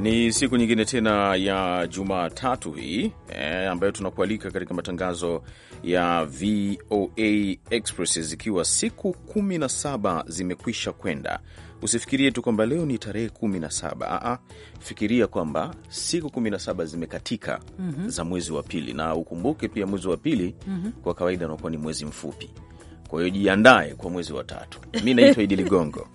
Ni siku nyingine tena ya Jumatatu hii e, ambayo tunakualika katika matangazo ya VOA Express zikiwa siku 17 zimekwisha kwenda. Usifikirie tu kwamba leo ni tarehe 17. fikiria kwamba siku 17 zimekatika mm -hmm. za mwezi wa pili, na ukumbuke pia mwezi wa pili mm -hmm. kwa kawaida unakuwa ni mwezi mfupi kwa hiyo jiandae kwa mwezi wa tatu. Mi naitwa Idi Ligongo.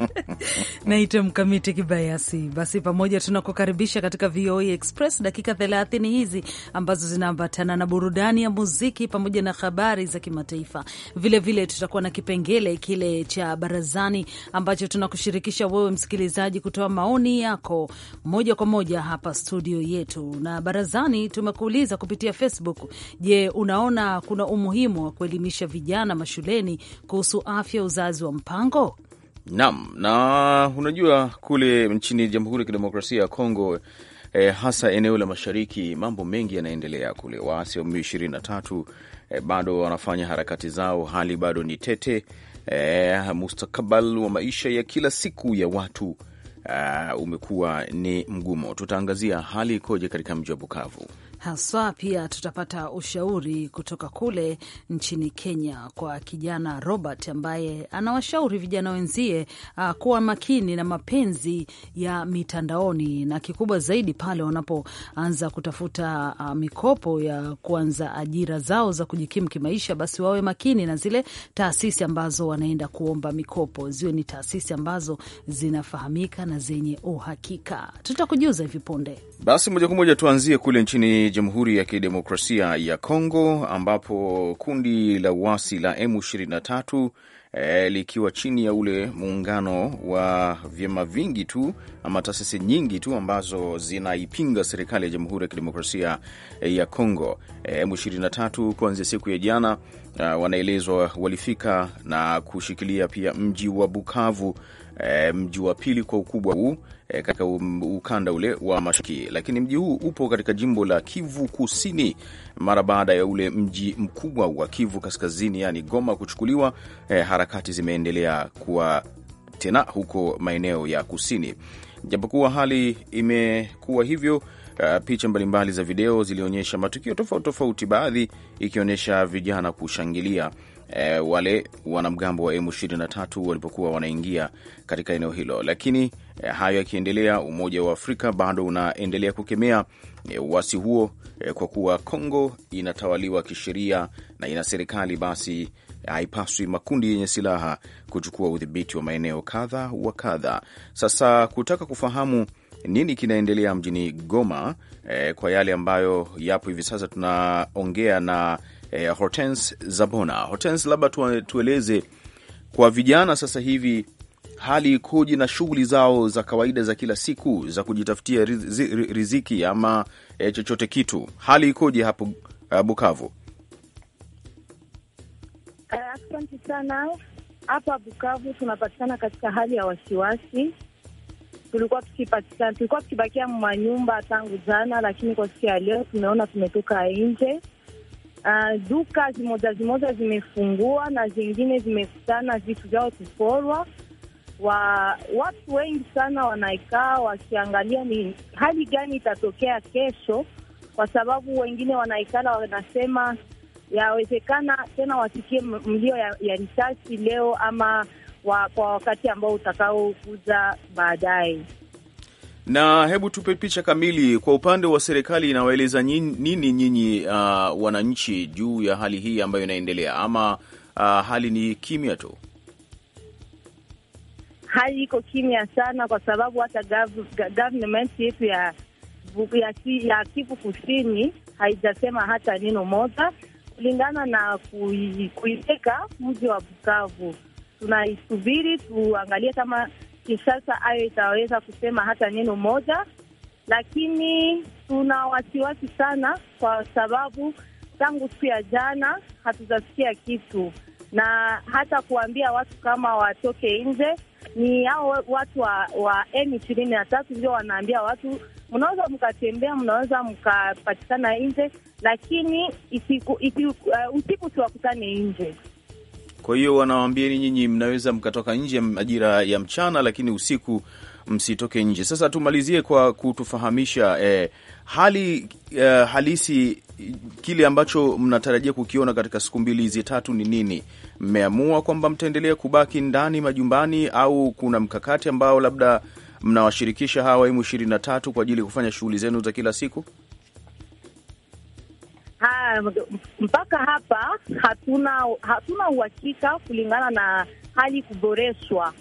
Naitwa Mkamiti Kibayasi. Basi pamoja tunakukaribisha katika VOA e Express, dakika thelathini hizi ambazo zinaambatana na burudani ya muziki pamoja na habari za kimataifa. Vilevile tutakuwa na kipengele kile cha barazani ambacho tunakushirikisha wewe msikilizaji kutoa maoni yako moja kwa moja hapa studio yetu. Na barazani tumekuuliza kupitia Facebook, je, unaona kuna umuhimu wa kuelimisha vijana sana mashuleni kuhusu afya uzazi wa mpango? Naam, na unajua kule nchini Jamhuri ya Kidemokrasia ya Kongo eh, hasa eneo la mashariki mambo mengi yanaendelea kule. Waasi wa M23 eh, bado wanafanya harakati zao, hali bado ni tete. Eh, mustakabal wa maisha ya kila siku ya watu Uh, umekuwa ni mgumu. Tutaangazia hali ikoje katika mji wa Bukavu haswa. Pia tutapata ushauri kutoka kule nchini Kenya kwa kijana Robert ambaye anawashauri vijana wenzie uh, kuwa makini na mapenzi ya mitandaoni na kikubwa zaidi pale wanapoanza kutafuta uh, mikopo ya kuanza ajira zao za kujikimu kimaisha, basi wawe makini na zile taasisi ambazo wanaenda kuomba mikopo, ziwe ni taasisi ambazo zinafahamika na zenye uhakika. Tutakujuza hivi punde. Basi moja kwa moja tuanzie kule nchini Jamhuri ya Kidemokrasia ya Kongo, ambapo kundi la uasi la M23 E, eh, likiwa chini ya ule muungano wa vyama vingi tu ama taasisi nyingi tu ambazo zinaipinga serikali ya Jamhuri ya Kidemokrasia eh, ya Kongo. E, eh, M23 kuanzia siku ya jana, uh, wanaelezwa walifika na kushikilia pia mji wa Bukavu e, mji wa pili kwa ukubwa huu e, katika ukanda ule wa mashariki, lakini mji huu upo katika jimbo la Kivu Kusini mara baada ya ule mji mkubwa wa Kivu Kaskazini, yani Goma kuchukuliwa. E, harakati zimeendelea kuwa tena huko maeneo ya kusini, japokuwa hali imekuwa hivyo. Uh, picha mbalimbali za video zilionyesha matukio tofauti tofauti, baadhi ikionyesha vijana kushangilia e, wale wanamgambo wa M23 walipokuwa wanaingia katika eneo hilo. Lakini e, hayo yakiendelea, Umoja wa Afrika bado unaendelea kukemea e, uasi huo e, kwa kuwa Kongo inatawaliwa kisheria na ina serikali, basi haipaswi makundi yenye silaha kuchukua udhibiti wa maeneo kadha wa kadha. Sasa kutaka kufahamu nini kinaendelea mjini Goma eh, kwa yale ambayo yapo hivi sasa, tunaongea na eh, Hortense Zabona. Hortense, labda tueleze kwa vijana sasa hivi hali ikoje na shughuli zao za kawaida za kila siku za kujitafutia riz, riziki ama eh, chochote kitu, hali ikoje hapo uh, Bukavu? Asante sana. Hapa Bukavu tunapatikana katika hali ya wasiwasi. Tulikuwa tukipatikana, tulikuwa tukibakia manyumba tangu jana, lakini kwa siku ya leo tumeona tumetoka nje uh, duka zimoja zimoja zimefungua na zingine zimekutana vitu vyao kuporwa. Wa, watu wengi sana wanaikaa wakiangalia ni hali gani itatokea kesho, kwa sababu wengine wanaikala wanasema yawezekana tena wasikie mlio ya, ya risasi leo ama wa, kwa wakati ambao utakaokuja baadaye. Na hebu tupe picha kamili kwa upande wa serikali, inawaeleza nini nyinyi uh, wananchi juu ya hali hii ambayo inaendelea, ama uh, hali ni kimya tu? Hali iko kimya sana, kwa sababu hata government yetu ya, ya, ya Kivu Kusini haijasema hata neno moja kulingana na kuiteka mji wa Bukavu. Tunaisubiri tuangalie kama Kinshasa ayo itaweza kusema hata neno moja, lakini tuna wasiwasi sana, kwa sababu tangu siku ya jana hatujasikia kitu, na hata kuambia watu kama watoke nje ni hao watu wa, wa M ishirini na tatu ndio wanaambia watu mnaweza mkatembea, mnaweza mkapatikana nje, lakini uh, usiku uh, tuwakutane nje. Kwa hiyo wanawambia ni nyinyi mnaweza mkatoka nje majira ya mchana, lakini usiku msitoke nje. Sasa tumalizie kwa kutufahamisha eh, hali eh, halisi kile ambacho mnatarajia kukiona katika siku mbili hizi tatu ni nini? Mmeamua kwamba mtaendelea kubaki ndani majumbani au kuna mkakati ambao labda mnawashirikisha hawa emu ishirini na tatu kwa ajili ya kufanya shughuli zenu za kila siku? Ha, mpaka hapa hatuna hatuna uhakika kulingana na hali kuboreshwa,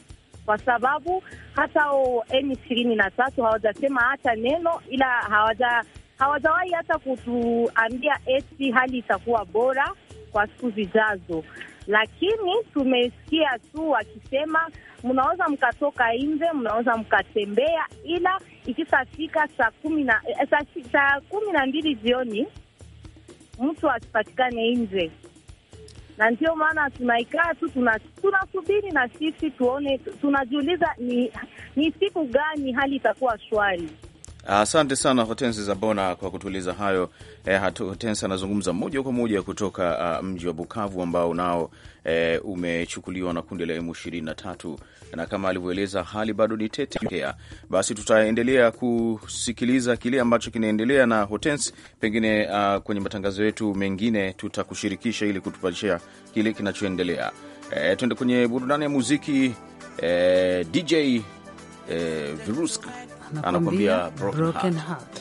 kwa sababu hata M ishirini na tatu hawajasema hata neno, ila hawaja hawajawahi hata kutuambia eti hali itakuwa bora kwa siku zijazo, lakini tumesikia tu wakisema mnaweza mkatoka nje, mnaweza mkatembea, ila ikishafika saa kumi na eh, saa kumi na mbili jioni mtu asipatikane nje, na ndio maana tunaikaa tu tunasubiri na sisi tuone, tunajiuliza ni, ni siku gani hali itakuwa shwari. Asante sana Hotensi Zabona kwa kutueleza hayo. Eh, Hotensi anazungumza moja kwa moja kutoka uh, mji wa Bukavu ambao nao eh, umechukuliwa na kundi la emu ishirini na tatu, na kama alivyoeleza hali bado ni tete. Basi tutaendelea kusikiliza kile ambacho kinaendelea na Hotensi, pengine uh, kwenye matangazo yetu mengine tutakushirikisha ili kutupatishia kile kinachoendelea. Eh, tuende kwenye burudani ya muziki eh, DJ eh, Viruska anakuambia broken heart.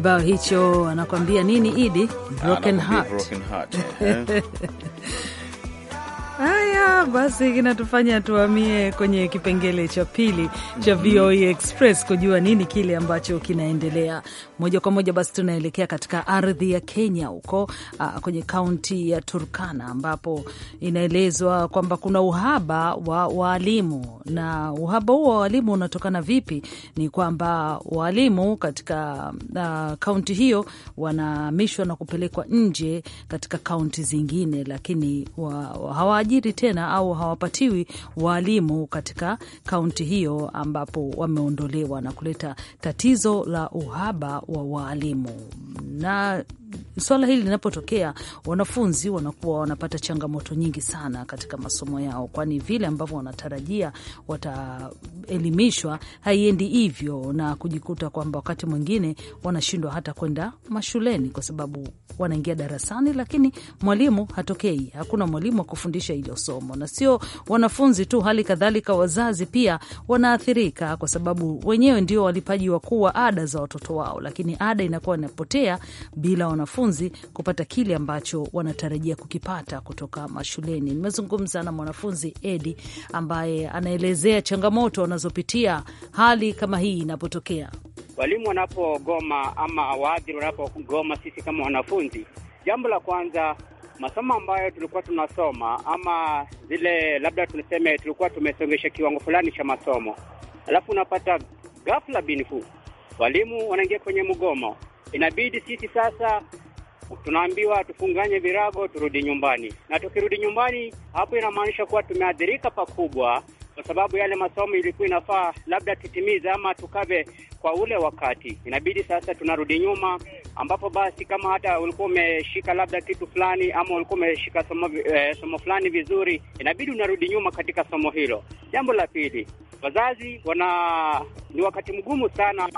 kibao hicho anakuambia nini Idi? Ah, Broken Heart. Broken Heart. Eh? basi kinatufanya tuhamie kwenye kipengele cha pili cha VOA e Express kujua nini kile ambacho kinaendelea moja kwa moja. Basi tunaelekea katika ardhi ya Kenya huko ah, kwenye kaunti ya Turkana, ambapo inaelezwa kwamba kuna uhaba wa waalimu. Na uhaba huo wa waalimu unatokana vipi? Ni kwamba waalimu katika ah, kaunti hiyo wanahamishwa na kupelekwa nje katika kaunti zingine, lakini hawaajiri tena au hawapatiwi waalimu katika kaunti hiyo ambapo wameondolewa na kuleta tatizo la uhaba wa waalimu na swala hili linapotokea, wanafunzi wanakuwa wanapata changamoto nyingi sana katika masomo yao, kwani vile ambavyo wanatarajia wataelimishwa haiendi hivyo, na kujikuta kwamba wakati mwingine wanashindwa hata kwenda mashuleni kwa sababu wanaingia darasani, lakini mwalimu hatokei. Hakuna mwalimu wa kufundisha hilo somo, na sio wanafunzi tu, hali kadhalika wazazi pia wanaathirika, kwa sababu wenyewe ndio walipaji wakuu wa ada za watoto wao, lakini ada inakuwa inapotea bila wanafunzi kupata kile ambacho wanatarajia kukipata kutoka mashuleni. Nimezungumza na mwanafunzi Edi ambaye anaelezea changamoto wanazopitia hali kama hii inapotokea. Walimu wanapogoma ama waadhiri wanapogoma, sisi kama wanafunzi, jambo la kwanza masomo ambayo tulikuwa tunasoma ama zile labda tuseme tulikuwa tumesongesha kiwango fulani cha masomo, alafu unapata ghafla binfu walimu wanaingia kwenye mgomo inabidi sisi sasa tunaambiwa tufunganye virago turudi nyumbani, na tukirudi nyumbani, hapo inamaanisha kuwa tumeathirika pakubwa, kwa sababu yale masomo ilikuwa inafaa labda tutimize ama tukave kwa ule wakati, inabidi sasa tunarudi nyuma, ambapo basi kama hata ulikuwa umeshika labda kitu fulani ama ulikuwa umeshika somo, eh, somo fulani vizuri, inabidi unarudi nyuma katika somo hilo. Jambo la pili, wazazi wana ni wakati mgumu sana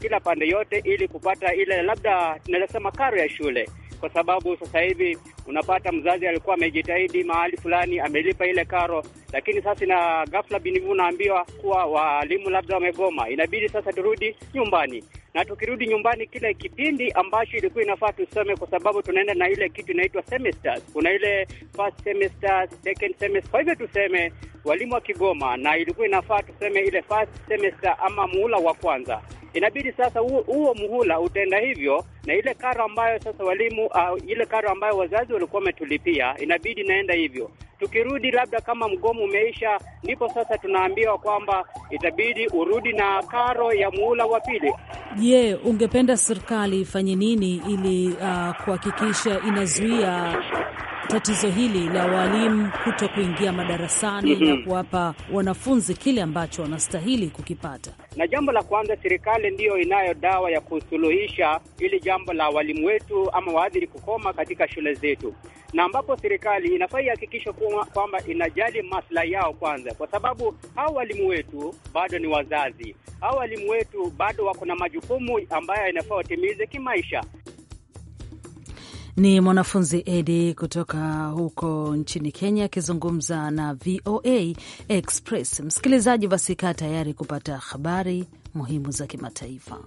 kila pande yote, ili kupata ile labda tunasema karo ya shule, kwa sababu sasa hivi unapata mzazi alikuwa amejitahidi mahali fulani, amelipa ile karo, lakini sasa na ghafla binivu unaambiwa kuwa walimu labda wamegoma, inabidi sasa turudi nyumbani na tukirudi nyumbani, kile kipindi ambacho ilikuwa inafaa tusome, kwa sababu tunaenda na ile kitu inaitwa semesters. Kuna ile first semester, second semester. Kwa hivyo tuseme walimu wa Kigoma, na ilikuwa inafaa tuseme ile first semester ama muhula wa kwanza Inabidi sasa huo muhula utenda hivyo, na ile karo ambayo sasa walimu uh, ile karo ambayo wazazi walikuwa wametulipia inabidi naenda hivyo. Tukirudi labda kama mgomo umeisha, ndipo sasa tunaambiwa kwamba itabidi urudi na karo ya muhula wa pili. Je, ungependa serikali ifanye nini ili uh, kuhakikisha inazuia tatizo hili la walimu kuto kuingia madarasani mm -hmm. na mhm. kuwapa wanafunzi kile ambacho wanastahili kukipata. Na jambo la kwanza, serikali ndiyo inayo dawa ya kusuluhisha ili jambo la walimu wetu ama waadhiri kukoma katika shule zetu, na ambapo serikali inafaa ihakikisha kwamba inajali maslahi yao kwanza, kwa sababu hao walimu wetu bado ni wazazi, hao walimu wetu bado wako na majukumu ambayo inafaa watimize kimaisha. Ni mwanafunzi Edi kutoka huko nchini Kenya akizungumza na VOA Express. Msikilizaji, basi kaa tayari kupata habari muhimu za kimataifa.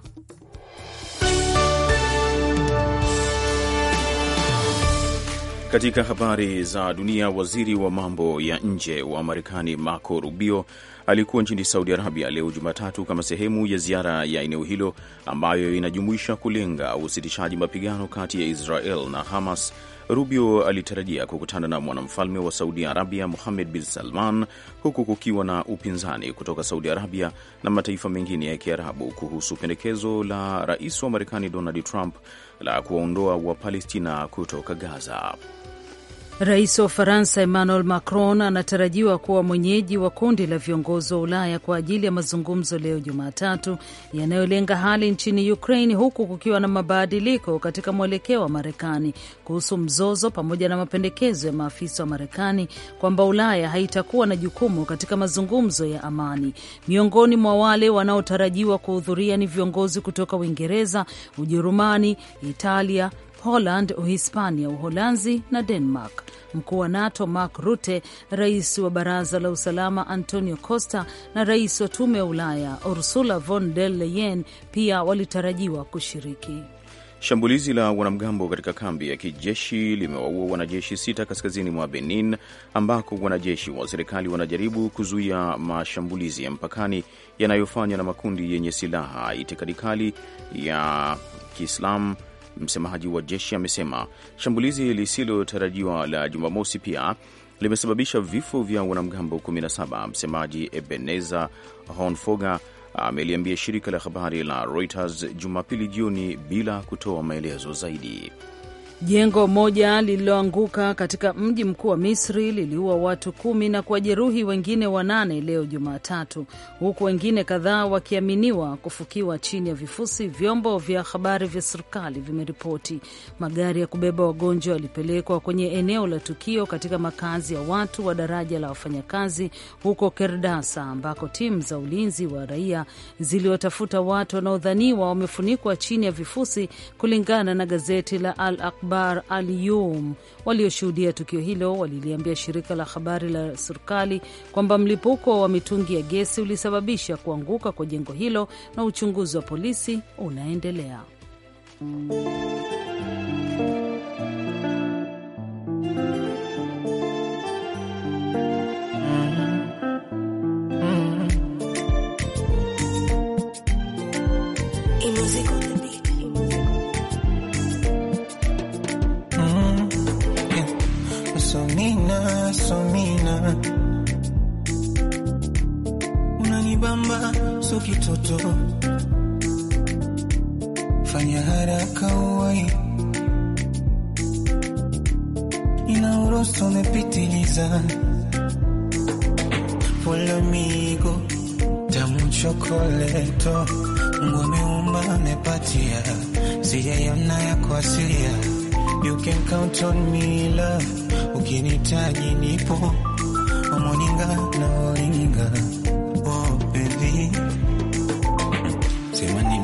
Katika habari za dunia, waziri wa mambo ya nje wa Marekani Marco Rubio alikuwa nchini Saudi Arabia leo Jumatatu kama sehemu ya ziara ya eneo hilo ambayo inajumuisha kulenga usitishaji mapigano kati ya Israel na Hamas. Rubio alitarajia kukutana na mwanamfalme wa Saudi Arabia muhamed bin Salman, huku kukiwa na upinzani kutoka Saudi Arabia na mataifa mengine ya Kiarabu kuhusu pendekezo la rais wa Marekani Donald Trump la kuwaondoa Wapalestina kutoka Gaza. Rais wa Ufaransa Emmanuel Macron anatarajiwa kuwa mwenyeji wa kundi la viongozi wa Ulaya kwa ajili ya mazungumzo leo Jumatatu yanayolenga hali nchini Ukraine, huku kukiwa na mabadiliko katika mwelekeo wa Marekani kuhusu mzozo pamoja na mapendekezo ya maafisa wa Marekani kwamba Ulaya haitakuwa na jukumu katika mazungumzo ya amani. Miongoni mwa wale wanaotarajiwa kuhudhuria ni viongozi kutoka Uingereza, Ujerumani, Italia, Poland, Uhispania, Uholanzi na Denmark. Mkuu wa NATO Mark Rutte, rais wa baraza la usalama Antonio Costa na rais wa tume ya Ulaya Ursula von der Leyen pia walitarajiwa kushiriki. Shambulizi la wanamgambo katika kambi ya kijeshi limewaua wanajeshi sita kaskazini mwa Benin, ambako wanajeshi wa serikali wanajaribu kuzuia mashambulizi ya mpakani yanayofanywa na makundi yenye silaha itikadi kali ya Kiislamu Msemaji wa jeshi amesema shambulizi lisilotarajiwa la Jumamosi pia limesababisha vifo vya wanamgambo 17. Msemaji Ebeneza Hornfoga ameliambia shirika la habari la Reuters Jumapili jioni bila kutoa maelezo zaidi. Jengo moja lililoanguka katika mji mkuu wa Misri liliua watu kumi na kuwajeruhi wengine wanane leo Jumatatu, huku wengine kadhaa wakiaminiwa kufukiwa chini ya vifusi, vyombo vya habari vya serikali vimeripoti. Magari ya kubeba wagonjwa yalipelekwa kwenye eneo la tukio katika makazi ya watu wa daraja la wafanyakazi huko Kerdasa, ambako timu za ulinzi wa raia ziliwatafuta watu wanaodhaniwa wamefunikwa chini ya vifusi, kulingana na gazeti la Al Akbar Akbar al walioshuhudia tukio hilo waliliambia shirika la habari la serikali kwamba mlipuko wa mitungi ya gesi ulisababisha kuanguka kwa jengo hilo na uchunguzi wa polisi unaendelea. kitoto, fanya haraka uwai, ina uroso umepitiliza, polamigo tamu chokoleto, Mungu ameumba amepatia, sijaiona yako asilia, you can count on me love, ukinitaji nipo, omoninga na olinga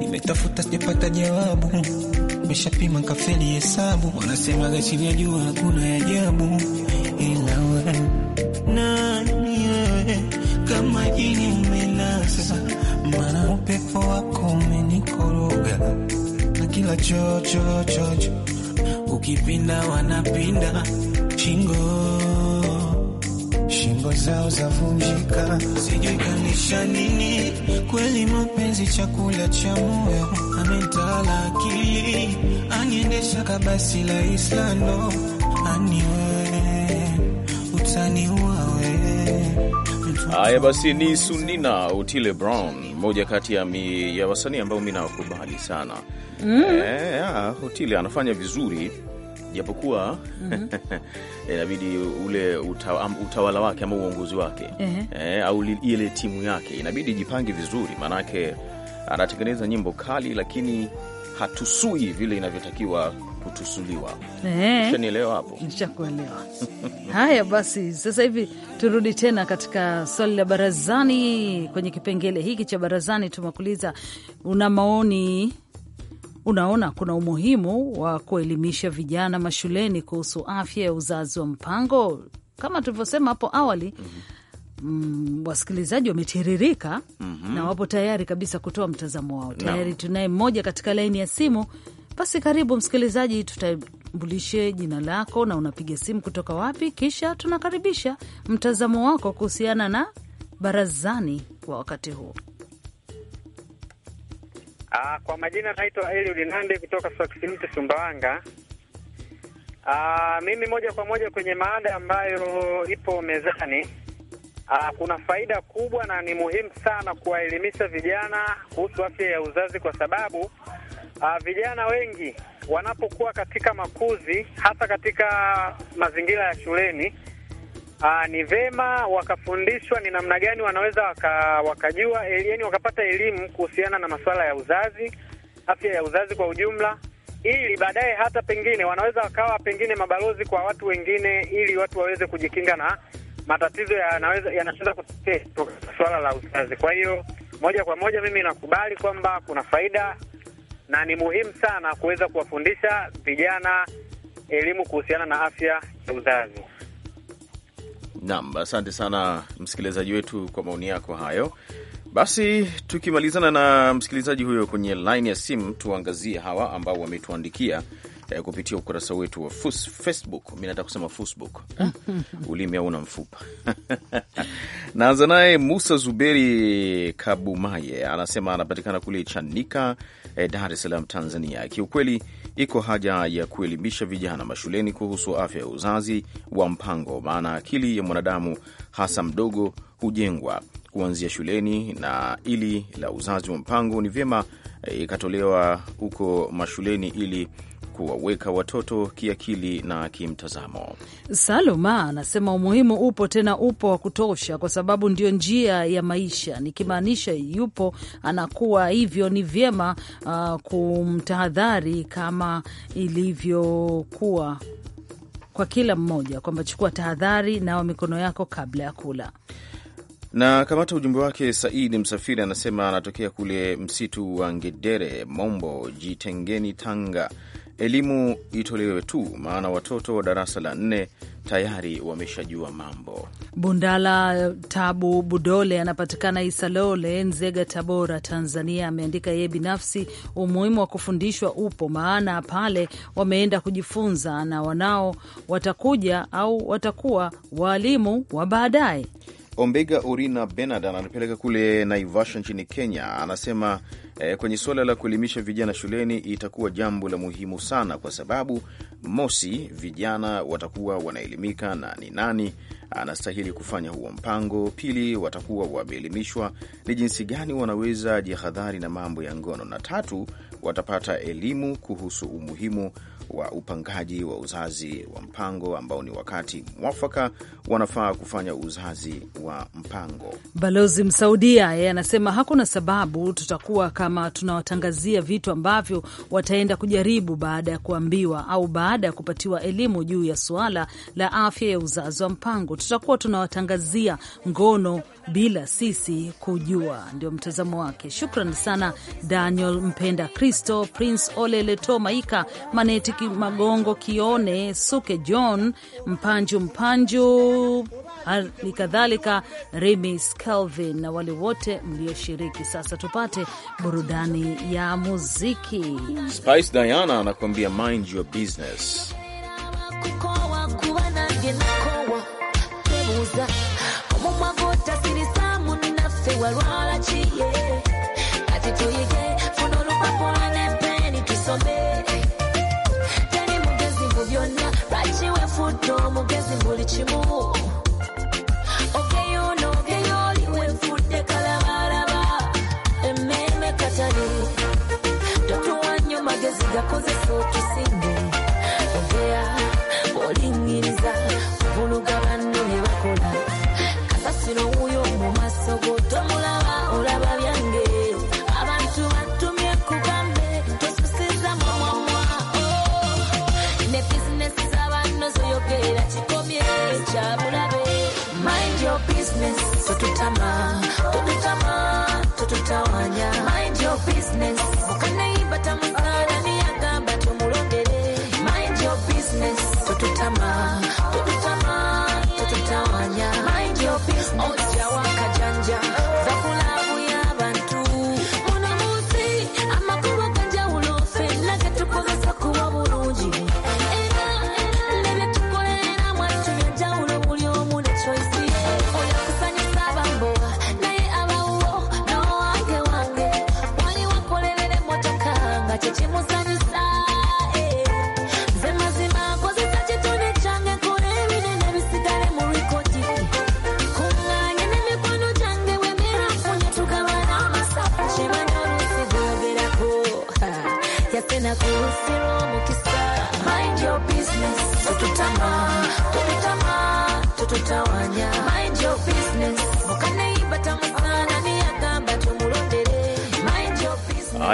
Nimetafuta sijapata jawabu, meshapima kafeli hesabu, wanasemaga chini ya jua hakuna ajabu, ila wewe nani wewe, kama jini umenasa, maana upepo wako umenikoroga na kila chochochocho cho, cho ukipinda wanapinda shingo, shingo zao zavunjika, sijui kanisha nini kweli. Mapenzi chakula cha moyo, ametala akili, aniendesha kabasi la Islando, aniwe utaniwawe. Haya basi, ni Sunina Utile Brown, moja kati ya, ya wasanii ambao mi nawakubali sana. mm. E, eh, ya, ah, Utile anafanya vizuri japokuwa mhm. eh, inabidi mm -hmm. ule uta, utawala wake ama uongozi wake mm -hmm. e, au ile timu yake inabidi ijipange vizuri, maanake anatengeneza nyimbo kali, lakini hatusui vile inavyotakiwa kutusuliwa. Shanielewa hapo, nishakuelewa. Haya basi, sasa hivi turudi tena katika swali la barazani. Kwenye kipengele hiki cha barazani tumekuuliza, una maoni unaona kuna umuhimu wa kuelimisha vijana mashuleni kuhusu afya ya uzazi wa mpango kama tulivyosema hapo awali. mm -hmm. Mm, wasikilizaji wametiririka mm -hmm. na wapo tayari kabisa kutoa mtazamo wao tayari. No. Tunaye mmoja katika laini ya simu. Basi karibu msikilizaji, tutambulishe jina lako na unapiga simu kutoka wapi, kisha tunakaribisha mtazamo wako kuhusiana na barazani kwa wakati huo. Ah, kwa majina naitwa Eliud Nande kutoka Swakismiti Sumbawanga. Ah, mimi moja kwa moja kwenye maada ambayo ipo mezani. Ah, kuna faida kubwa na ni muhimu sana kuwaelimisha vijana kuhusu afya ya uzazi kwa sababu aa, ah, vijana wengi wanapokuwa katika makuzi hasa katika mazingira ya shuleni Aa, ah, ni vema wakafundishwa ni namna gani wanaweza waka, wakajua yani wakapata elimu kuhusiana na masuala ya uzazi, afya ya uzazi kwa ujumla, ili baadaye hata pengine wanaweza wakawa pengine mabalozi kwa watu wengine, ili watu waweze kujikinga na matatizo yanaweza yanaweza kutokea swala la uzazi. Kwa hiyo moja kwa moja mimi nakubali kwamba kuna faida na ni muhimu sana kuweza kuwafundisha vijana elimu kuhusiana na afya ya uzazi. Naam, asante sana msikilizaji wetu kwa maoni yako hayo. Basi tukimalizana na msikilizaji huyo kwenye laini ya simu, tuangazie hawa ambao wametuandikia eh, kupitia ukurasa wetu wa Facebook. Mi nataka kusema Facebook, ulimi na mfupa naanza naye Musa Zuberi Kabumaye, anasema anapatikana kule Chanika, eh, Dar es Salaam, Tanzania. Kiukweli iko haja ya kuelimisha vijana mashuleni kuhusu afya ya uzazi wa mpango, maana akili ya mwanadamu hasa mdogo hujengwa kuanzia shuleni, na ili la uzazi wa mpango ni vyema eh, ikatolewa huko mashuleni ili kuwaweka watoto kiakili na kimtazamo. Saloma anasema umuhimu upo tena upo wa kutosha, kwa sababu ndio njia ya maisha, nikimaanisha yupo anakuwa hivyo. Ni vyema uh, kumtahadhari kama ilivyokuwa kwa kila mmoja kwamba chukua tahadhari, nawa mikono yako kabla ya kula na kamata ujumbe wake. Saidi Msafiri anasema anatokea kule msitu wa Ngedere, Mombo, Jitengeni, Tanga elimu itolewe tu, maana watoto wa darasa la nne tayari wameshajua mambo. Bundala Tabu Budole anapatikana Isalole, Nzega, Tabora, Tanzania. Ameandika yeye binafsi, umuhimu wa kufundishwa upo, maana pale wameenda kujifunza na wanao watakuja au watakuwa waalimu wa baadaye. Ombega urina Benard anapeleka kule Naivasha nchini Kenya. Anasema eh, kwenye suala la kuelimisha vijana shuleni itakuwa jambo la muhimu sana, kwa sababu mosi, vijana watakuwa wanaelimika na ni nani anastahili kufanya huo mpango; pili, watakuwa wameelimishwa ni jinsi gani wanaweza jihadhari na mambo ya ngono; na tatu, watapata elimu kuhusu umuhimu wa upangaji wa uzazi wa mpango ambao ni wakati mwafaka wanafaa kufanya uzazi wa mpango. Balozi msaudia yeye anasema hakuna sababu tutakuwa kama tunawatangazia vitu ambavyo wataenda kujaribu baada ya kuambiwa au baada ya kupatiwa elimu juu ya suala la afya ya uzazi wa mpango. Tutakuwa tunawatangazia ngono bila sisi kujua. Ndio mtazamo wake. shukran sana Daniel Mpenda, Kristo Prince Ole Leto, Maika Maneti Magongo, Kione Suke, John Mpanju, Mpanju hali kadhalika Remis Kelvin na wale wote mlioshiriki. Sasa tupate burudani ya muziki. Spice Diana anakuambia mind your business. yakozesa otu business. Tututama, tututama, Mind your business.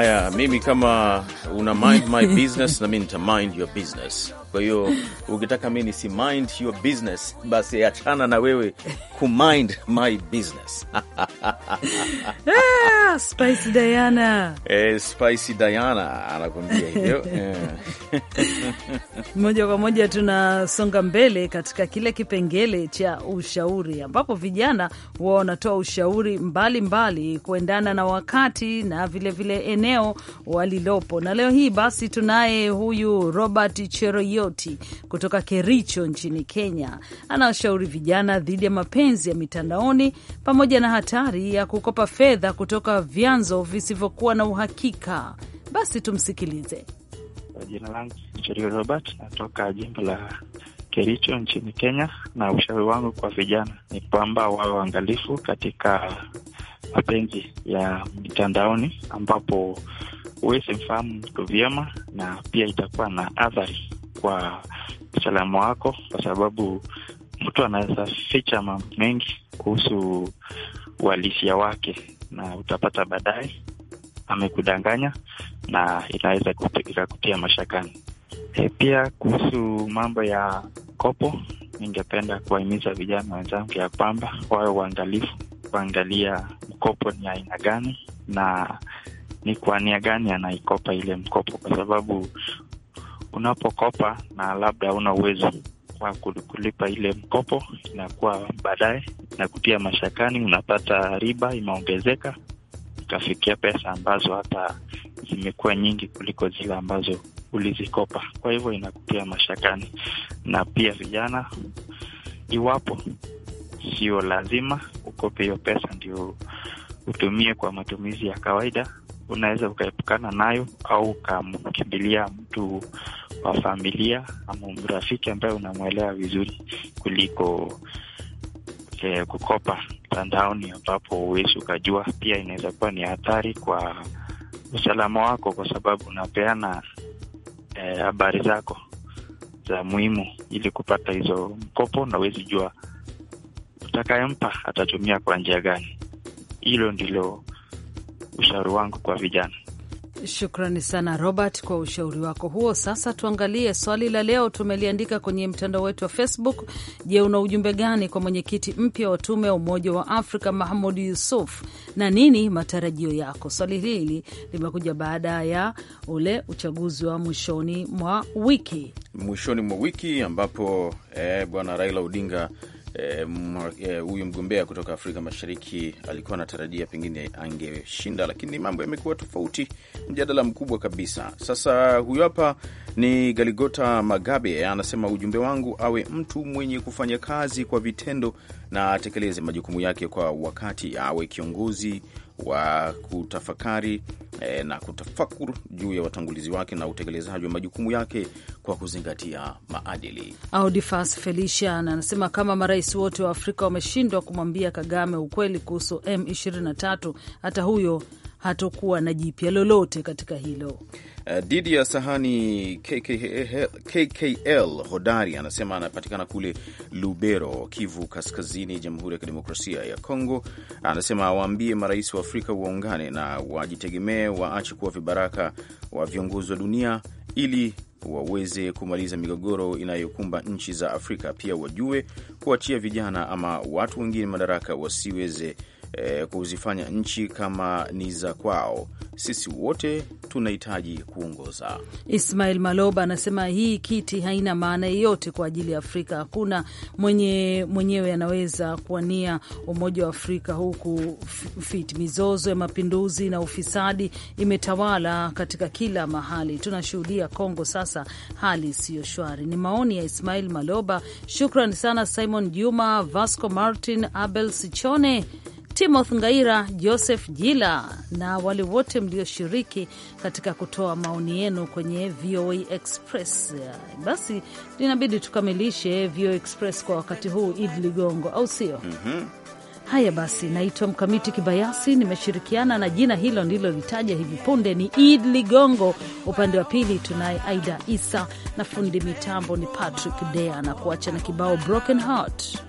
haya mimi kama una mind my business na mi nita mind your business. Kwa hiyo ukitaka mi nisi mind your business, basi achana na wewe kumind my business. Ah, Spice Diana, eh, Spice Diana anakuambia hivyo eh. moja kwa moja. Tunasonga mbele katika kile kipengele cha ushauri, ambapo vijana huwa wanatoa ushauri mbalimbali mbali kuendana na wakati na vilevile vile eneo walilopo na leo hii basi tunaye huyu Robert Cheroyoti kutoka Kericho nchini Kenya. Anawashauri vijana dhidi ya mapenzi ya mitandaoni pamoja na hatari ya kukopa fedha kutoka vyanzo visivyokuwa na uhakika. Basi tumsikilize. Jina langu Cherio Robert, natoka jimbo la Kericho nchini Kenya, na ushauri wangu kwa vijana ni kwamba wawe waangalifu katika mapenzi ya mitandaoni ambapo uweze mfahamu mtu vyema, na pia itakuwa na athari kwa usalama wako, kwa sababu mtu anaweza ficha mambo mengi kuhusu uhalisia wake, na utapata baadaye amekudanganya na inaweza ikakutia mashakani. E, pia kuhusu mambo ya kopo, ningependa kuwahimiza vijana wenzangu ya kwamba wawe uangalifu kuangalia mkopo ni aina gani na ni kwa nia gani anaikopa ile mkopo, kwa sababu unapokopa na labda hauna uwezo wa kulipa ile mkopo, inakuwa baadaye na kutia mashakani, unapata riba imeongezeka ikafikia pesa ambazo hata zimekuwa nyingi kuliko zile ambazo ulizikopa. Kwa hivyo inakutia mashakani, na pia vijana, iwapo sio lazima ukope hiyo pesa ndio utumie kwa matumizi ya kawaida, unaweza ukaepukana nayo au ukamkimbilia mtu wa familia ama mrafiki ambaye unamwelewa vizuri kuliko eh, kukopa mtandaoni ambapo huwezi ukajua. Pia inaweza kuwa ni hatari kwa usalama wako, kwa sababu unapeana eh, habari eh, zako za muhimu ili kupata hizo mkopo, na huwezi jua utakayempa atatumia kwa njia gani. Hilo ndilo ushauri wangu kwa vijana. Shukrani sana Robert kwa ushauri wako huo. Sasa tuangalie swali la leo, tumeliandika kwenye mtandao wetu wa Facebook. Je, una ujumbe gani kwa mwenyekiti mpya wa tume ya Umoja wa Afrika Mahmud Yusuf, na nini matarajio yako? Swali hili limekuja baada ya ule uchaguzi wa mwishoni mwa wiki, mwishoni mwa wiki ambapo eh, bwana Raila Odinga Eh, eh, huyu e, mgombea kutoka Afrika Mashariki alikuwa anatarajia pengine angeshinda, lakini mambo yamekuwa tofauti, mjadala mkubwa kabisa. Sasa huyu hapa ni Galigota Magabe, anasema ujumbe wangu awe mtu mwenye kufanya kazi kwa vitendo na atekeleze majukumu yake kwa wakati, awe kiongozi wa kutafakari eh, na kutafakur juu ya watangulizi wake na utekelezaji wa majukumu yake kwa kuzingatia maadili. Audifas felicia anasema kama marais wote wa Afrika wameshindwa kumwambia Kagame ukweli kuhusu M23, hata huyo hatokuwa na jipya lolote katika hilo. Eh, Didi ya sahani KKL, KKL Hodari anasema anapatikana kule Lubero, Kivu Kaskazini, Jamhuri ya Kidemokrasia ya Kongo. Anasema awaambie marais wa Afrika waungane na wajitegemee, waache kuwa vibaraka wa viongozi wa dunia ili waweze kumaliza migogoro inayokumba nchi za Afrika. Pia wajue kuachia vijana ama watu wengine madaraka wasiweze eh, kuzifanya nchi kama ni za kwao. Sisi wote tunahitaji kuongoza. Ismail Maloba anasema hii kiti haina maana yeyote kwa ajili ya Afrika. Hakuna mwenye mwenyewe anaweza kuwania umoja wa Afrika huku fit mizozo ya mapinduzi na ufisadi imetawala katika kila mahali. Tunashuhudia Kongo sasa, hali isiyo shwari. Ni maoni ya Ismail Maloba. Shukran sana Simon Juma, Vasco Martin, Abel Sichone timoth Ngaira, Joseph Jila na wale wote mlioshiriki katika kutoa maoni yenu kwenye VOA Express. Basi linabidi tukamilishe VOA Express kwa wakati huu, Idi Ligongo, au sio? mm -hmm. Haya basi, naitwa Mkamiti Kibayasi, nimeshirikiana na jina hilo nililolitaja hivi punde ni Id Ligongo. Upande wa pili tunaye Aida Isa na fundi mitambo ni Patrick Dea, na kuacha na kibao broken heart.